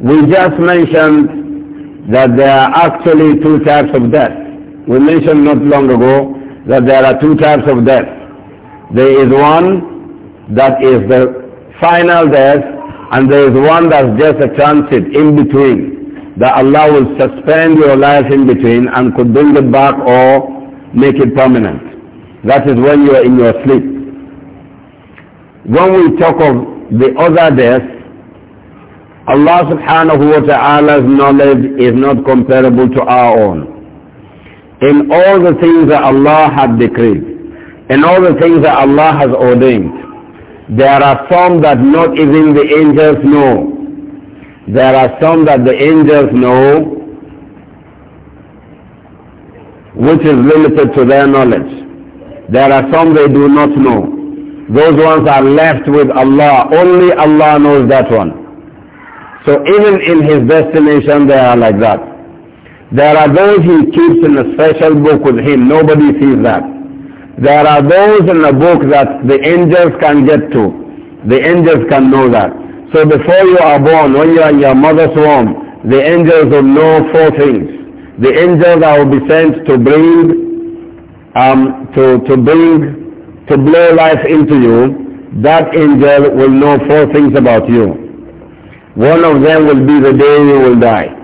We just mentioned that there are actually two types of death. We mentioned not long ago that there are two types of death. There is one that is the final death and there is one that's just a transit in between that Allah will suspend your life in between and could bring it back or make it permanent. That is when you are in your sleep. When we talk of the other death, Allah subhanahu wa ta'ala's knowledge is not comparable to our own. In all the things that Allah had decreed, in all the things that Allah has ordained, there are some that not even the angels know. There are some that the angels know, which is limited to their knowledge. There are some they do not know. Those ones are left with Allah. Only Allah knows that one. So even in his destination they are like that. There are those he keeps in a special book with him. Nobody sees that. There are those in the book that the angels can get to. The angels can know that. So before you are born, when you are in your mother's womb, the angels will know four things. The angels that will be sent to bring, um, to, to bring, to blow life into you, that angel will know four things about you. One of them will be the day you will die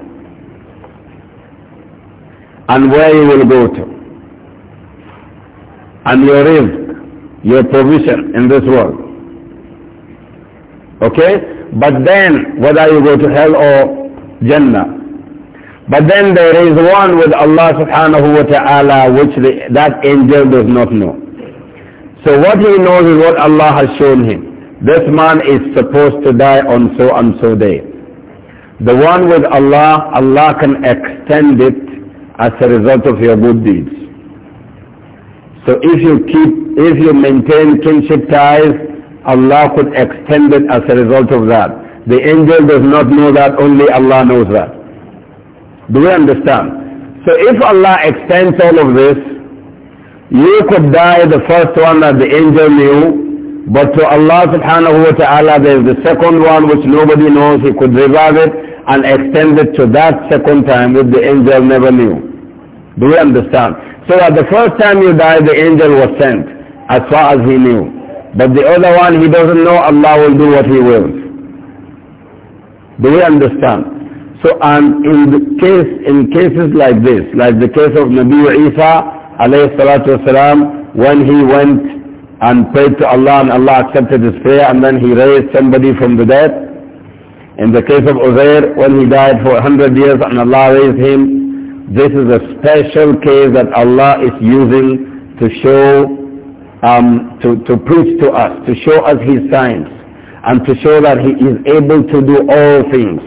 and where you will go to and your rizq, your provision in this world. Okay? But then, whether you go to hell or Jannah. But then there is one with Allah subhanahu wa ta'ala which the, that angel does not know. So what he knows is what Allah has shown him. This man is supposed to die on so and so day. The one with Allah, Allah can extend it as a result of your good deeds. So if you keep, if you maintain kinship ties, Allah could extend it as a result of that. The angel does not know that, only Allah knows that. Do we understand? So if Allah extends all of this, you could die the first one that the angel knew, but to Allah subhanahu wa ta'ala there is the second one which nobody knows, he could revive it and extend it to that second time which the angel never knew. Do you understand? So at the first time you die, the angel was sent, as far as he knew. But the other one, he doesn't know Allah will do what he wills. Do we understand? So, and in the case, in cases like this, like the case of Nabi Isa, alayhi salatu wasalam, when he went and prayed to Allah and Allah accepted his prayer and then he raised somebody from the dead. In the case of Uzair, when he died for 100 years and Allah raised him, this is a special case that Allah is using to show, um, to, to preach to us, to show us His signs, and to show that He is able to do all things.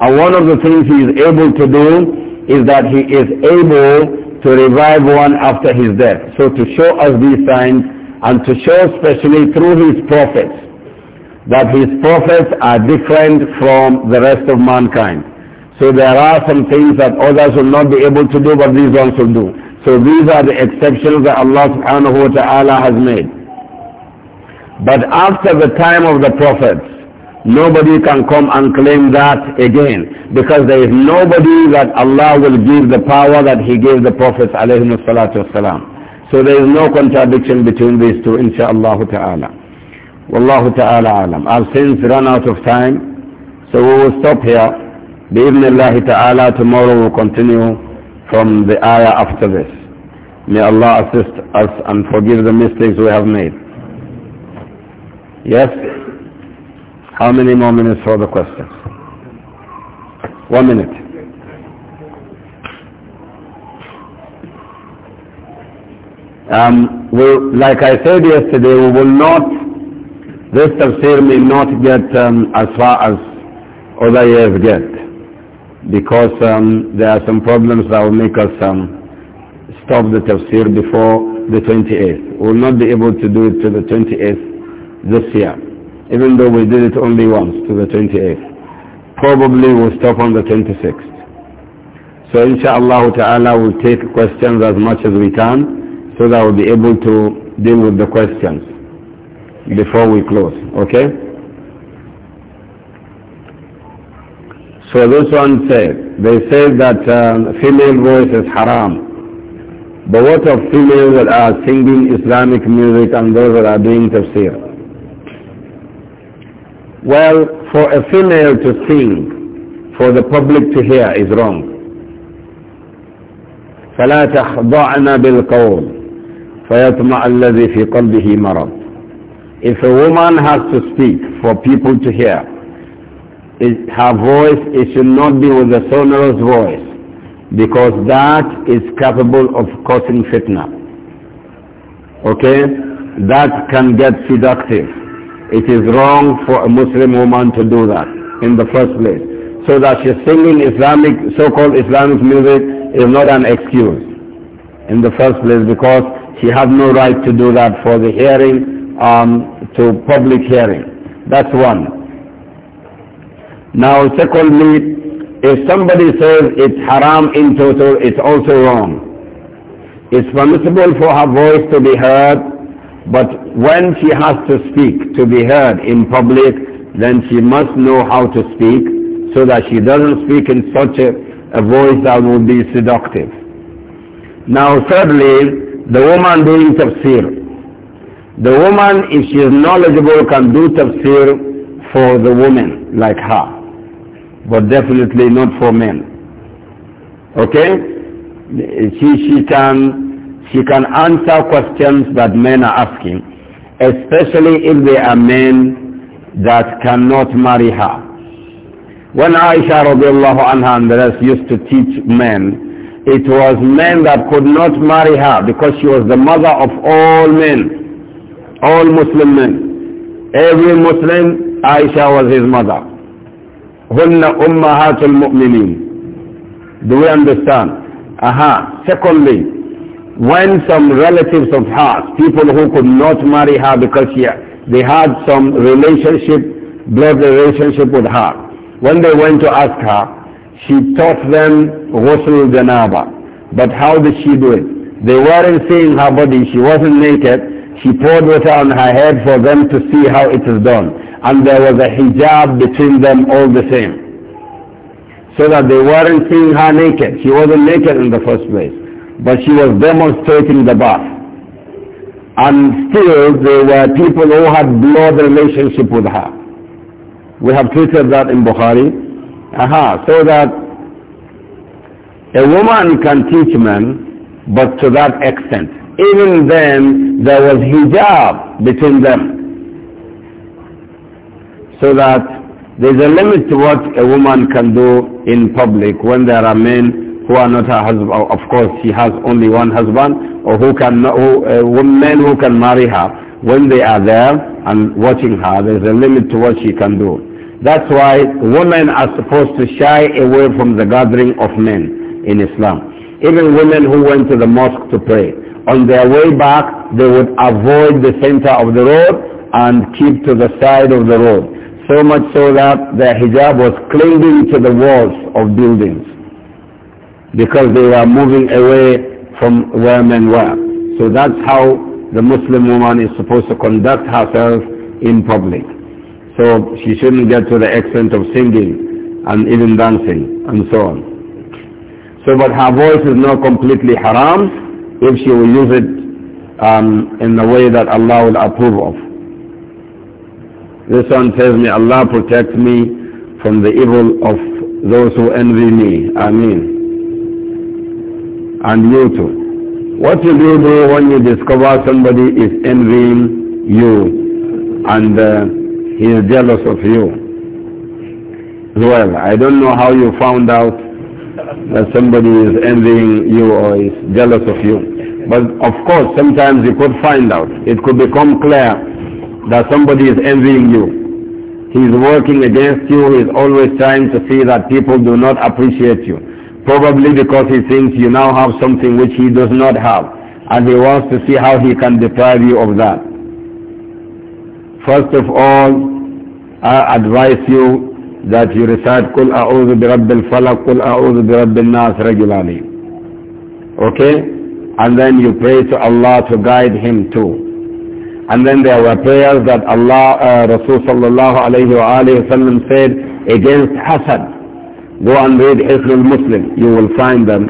And one of the things He is able to do is that He is able to revive one after His death. So to show us these signs, and to show especially through His prophets, that His prophets are different from the rest of mankind. So there are some things that others will not be able to do, but these ones will do. So these are the exceptions that Allah subhanahu wa ta'ala has made. But after the time of the prophets, nobody can come and claim that again. Because there is nobody that Allah will give the power that He gave the prophets alayhi salatu wasalam. So there is no contradiction between these two, insha'Allah ta'ala. Wallahu ta'ala alam. I've since run out of time, so we will stop here. Bismillah ta'ala, tomorrow will continue from the ayah after this. May Allah assist us and forgive the mistakes we have made. Yes? How many more minutes for the questions? One minute. Um, we like I said yesterday, we will not, this tafsir may not get um, as far as other years get because um, there are some problems that will make us um, stop the tafsir before the 28th. We will not be able to do it to the 28th this year, even though we did it only once to the 28th. Probably we'll stop on the 26th. So inshallah ta'ala we'll take questions as much as we can so that we'll be able to deal with the questions before we close. Okay? So this one said, they said that um, female voice is haram. But what of females that are singing Islamic music and those that are doing tafsir? Well, for a female to sing, for the public to hear is wrong. فلا تخضعن بالقول فيطمع الذي في قلبه مرض. If a woman has to speak for people to hear, her voice, it should not be with a sonorous voice because that is capable of causing fitna. Okay? That can get seductive. It is wrong for a Muslim woman to do that in the first place. So that she's singing Islamic, so-called Islamic music is not an excuse in the first place because she has no right to do that for the hearing, um, to public hearing. That's one. Now secondly, if somebody says it's haram in total, it's also wrong. It's permissible for her voice to be heard, but when she has to speak to be heard in public, then she must know how to speak so that she doesn't speak in such a, a voice that will be seductive. Now thirdly, the woman doing tafsir. The woman, if she is knowledgeable, can do tafsir for the woman like her but definitely not for men. Okay? She, she, can, she can answer questions that men are asking, especially if they are men that cannot marry her. When Aisha radiallahu anha and the rest used to teach men, it was men that could not marry her because she was the mother of all men, all Muslim men. Every Muslim, Aisha was his mother. هن ummahatul mu'minin. Do we understand? Aha. Secondly, when some relatives of hers, people who could not marry her because she, they had some relationship, blood relationship with her, when they went to ask her, she taught them ghusl janaba. But how did she do it? They weren't seeing her body. She wasn't naked. She poured water on her head for them to see how it is done and there was a hijab between them all the same. So that they weren't seeing her naked. She wasn't naked in the first place. But she was demonstrating the bath. And still there were people who had blood relationship with her. We have treated that in Bukhari. Aha, so that a woman can teach men, but to that extent. Even then, there was hijab between them so that there's a limit to what a woman can do in public when there are men who are not her husband. Of course, she has only one husband, or who can, who, uh, men who can marry her. When they are there and watching her, there's a limit to what she can do. That's why women are supposed to shy away from the gathering of men in Islam. Even women who went to the mosque to pray, on their way back, they would avoid the center of the road and keep to the side of the road so much so that their hijab was clinging to the walls of buildings because they were moving away from where men were. So that's how the Muslim woman is supposed to conduct herself in public. So she shouldn't get to the extent of singing and even dancing and so on. So but her voice is not completely haram if she will use it um, in the way that Allah will approve of. This one says, me, Allah protect me from the evil of those who envy me. Ameen. And you too. What will you do when you discover somebody is envying you and uh, he is jealous of you? Well, I don't know how you found out that somebody is envying you or is jealous of you. But of course, sometimes you could find out. It could become clear that somebody is envying you. He is working against you. He is always trying to see that people do not appreciate you. Probably because he thinks you now have something which he does not have. And he wants to see how he can deprive you of that. First of all, I advise you that you recite kul A'udhu bi Rabbil Falaq, Qul A'udhu bi Rabbil Nas regularly. Okay? And then you pray to Allah to guide him too. And then there were prayers that Allah, uh, Rasul sallallahu alayhi wa alayhi wa said against hasad. Go and read Israel Muslim. You will find them.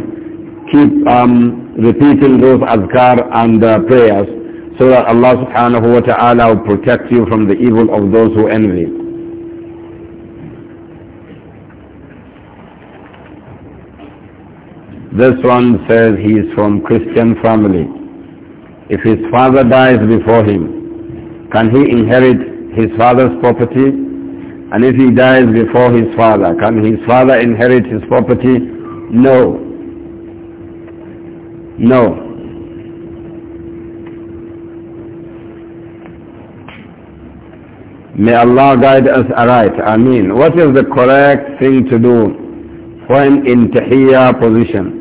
Keep um, repeating those azkar and uh, prayers so that Allah subhanahu wa ta'ala will protect you from the evil of those who envy. This one says he is from Christian family. If his father dies before him, can he inherit his father's property? And if he dies before his father, can his father inherit his property? No. No. May Allah guide us aright. Ameen. What is the correct thing to do when in tahiyya position?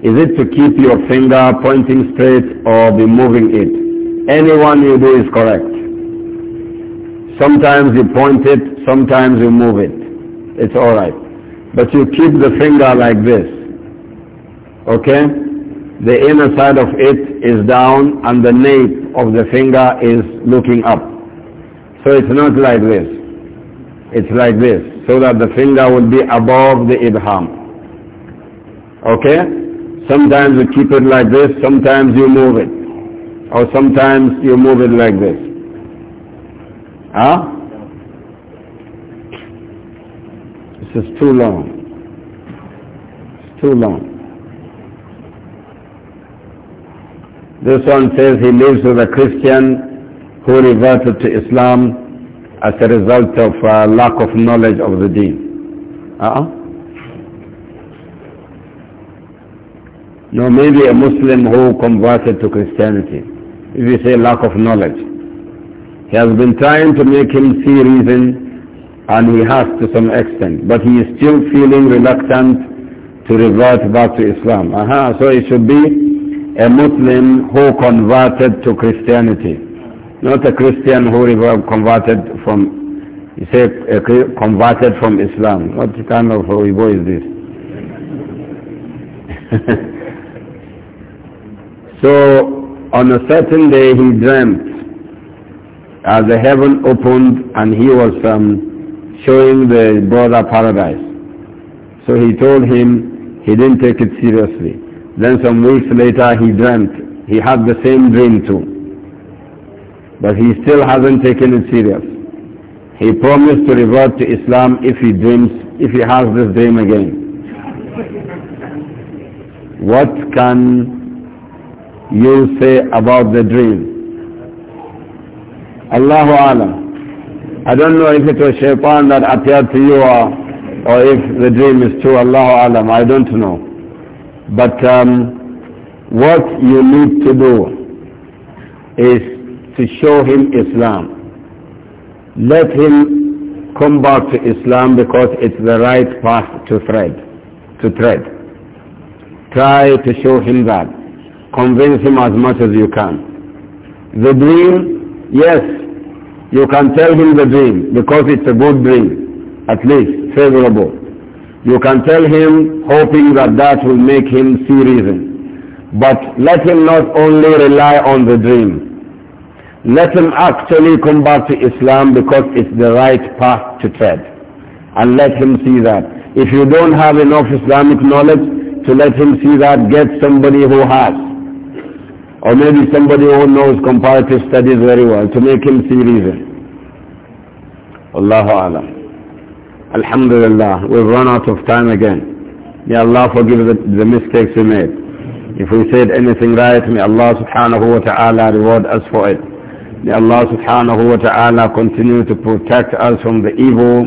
Is it to keep your finger pointing straight or be moving it? Any one you do is correct. Sometimes you point it, sometimes you move it. It's alright. But you keep the finger like this. Okay? The inner side of it is down and the nape of the finger is looking up. So it's not like this. It's like this. So that the finger will be above the ibham. Okay? Sometimes you keep it like this, sometimes you move it. Or sometimes you move it like this. Huh? This is too long. It's too long. This one says he lives with a Christian who reverted to Islam as a result of a uh, lack of knowledge of the deen. Uh-uh. No, maybe a Muslim who converted to Christianity. If you say lack of knowledge. He has been trying to make him see reason and he has to some extent. But he is still feeling reluctant to revert back to Islam. Aha, uh -huh, so it should be a Muslim who converted to Christianity. Not a Christian who converted from, you say converted from Islam. What kind of Igbo is this? [laughs] So on a certain day he dreamt as the heaven opened and he was um, showing the brother paradise. So he told him he didn't take it seriously. Then some weeks later he dreamt. He had the same dream too. But he still hasn't taken it serious. He promised to revert to Islam if he dreams, if he has this dream again. What can you say about the dream. Allahu Alam. I don't know if it was shaitan that appeared to you or, or if the dream is true. Allahu Alam. I don't know. But um, what you need to do is to show him Islam. Let him come back to Islam because it's the right path to tread. To tread. Try to show him that. Convince him as much as you can. The dream, yes, you can tell him the dream because it's a good dream, at least favorable. You can tell him hoping that that will make him see reason. But let him not only rely on the dream. Let him actually come back to Islam because it's the right path to tread. And let him see that. If you don't have enough Islamic knowledge to let him see that, get somebody who has or maybe somebody who knows comparative studies very well to make him see reason. Allahu Alam. Alhamdulillah, we've run out of time again. May Allah forgive the, the mistakes we made. If we said anything right, may Allah subhanahu wa ta'ala reward us for it. May Allah subhanahu wa ta'ala continue to protect us from the evil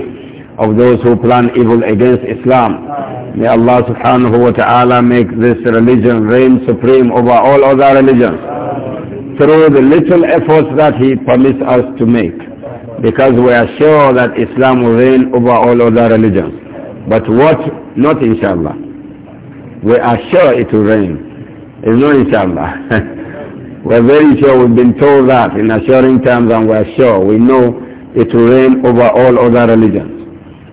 of those who plan evil against Islam. May Allah subhanahu wa ta'ala make this religion reign supreme over all other religions through the little efforts that he permits us to make because we are sure that Islam will reign over all other religions. But what? Not inshallah. We are sure it will reign. It's not inshallah. [laughs] we are very sure we've been told that in assuring terms and we are sure we know it will reign over all other religions.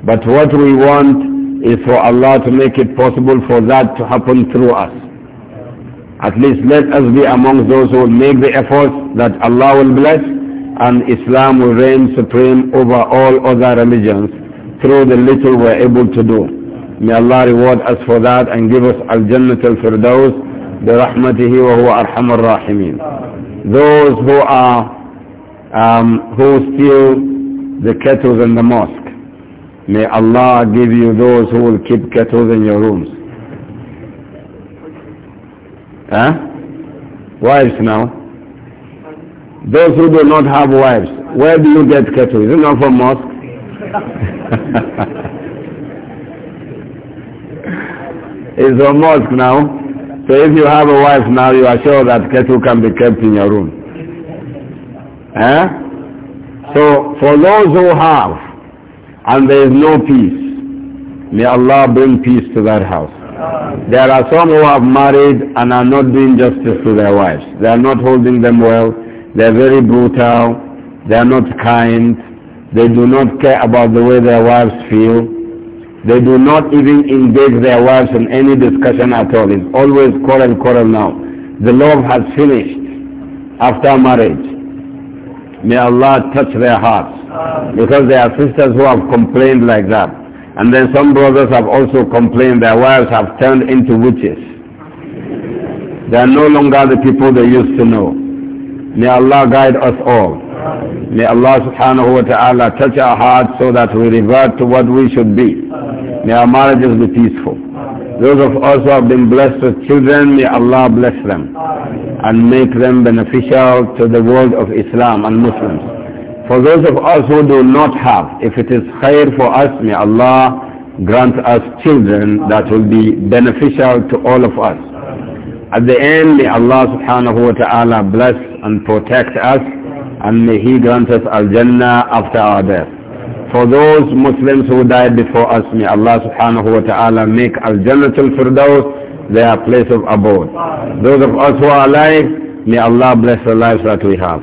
But what we want is for Allah to make it possible for that to happen through us. At least let us be among those who make the efforts that Allah will bless and Islam will reign supreme over all other religions through the little we're able to do. May Allah reward us for that and give us Al-Jannat al-Firdaus wa وهو أرحم الراحمين. Those who are, um, who steal the kettles in the mosque. May Allah give you those who will keep ketu in your rooms. Huh? Wives now. Those who do not have wives, where do you get ketu? Is it not from mosque? [laughs] it's from mosque now. So if you have a wife now, you are sure that ketu can be kept in your room. Eh? So for those who have, and there is no peace. May Allah bring peace to that house. There are some who have married and are not doing justice to their wives. They are not holding them well. They are very brutal. They are not kind. They do not care about the way their wives feel. They do not even engage their wives in any discussion at all. It's always quarrel, quarrel now. The love has finished after marriage. May Allah touch their hearts. Because there are sisters who have complained like that. And then some brothers have also complained their wives have turned into witches. They are no longer the people they used to know. May Allah guide us all. May Allah subhanahu wa ta'ala touch our hearts so that we revert to what we should be. May our marriages be peaceful. Those of us who have been blessed with children, may Allah bless them and make them beneficial to the world of Islam and Muslims. For those of us who do not have, if it is khair for us, may Allah grant us children that will be beneficial to all of us. At the end, may Allah subhanahu wa ta'ala bless and protect us and may He grant us al-Jannah after our death. For those Muslims who died before us, may Allah subhanahu wa ta'ala make al jannah for Firdaus their place of abode. Those of us who are alive, may Allah bless the lives that we have.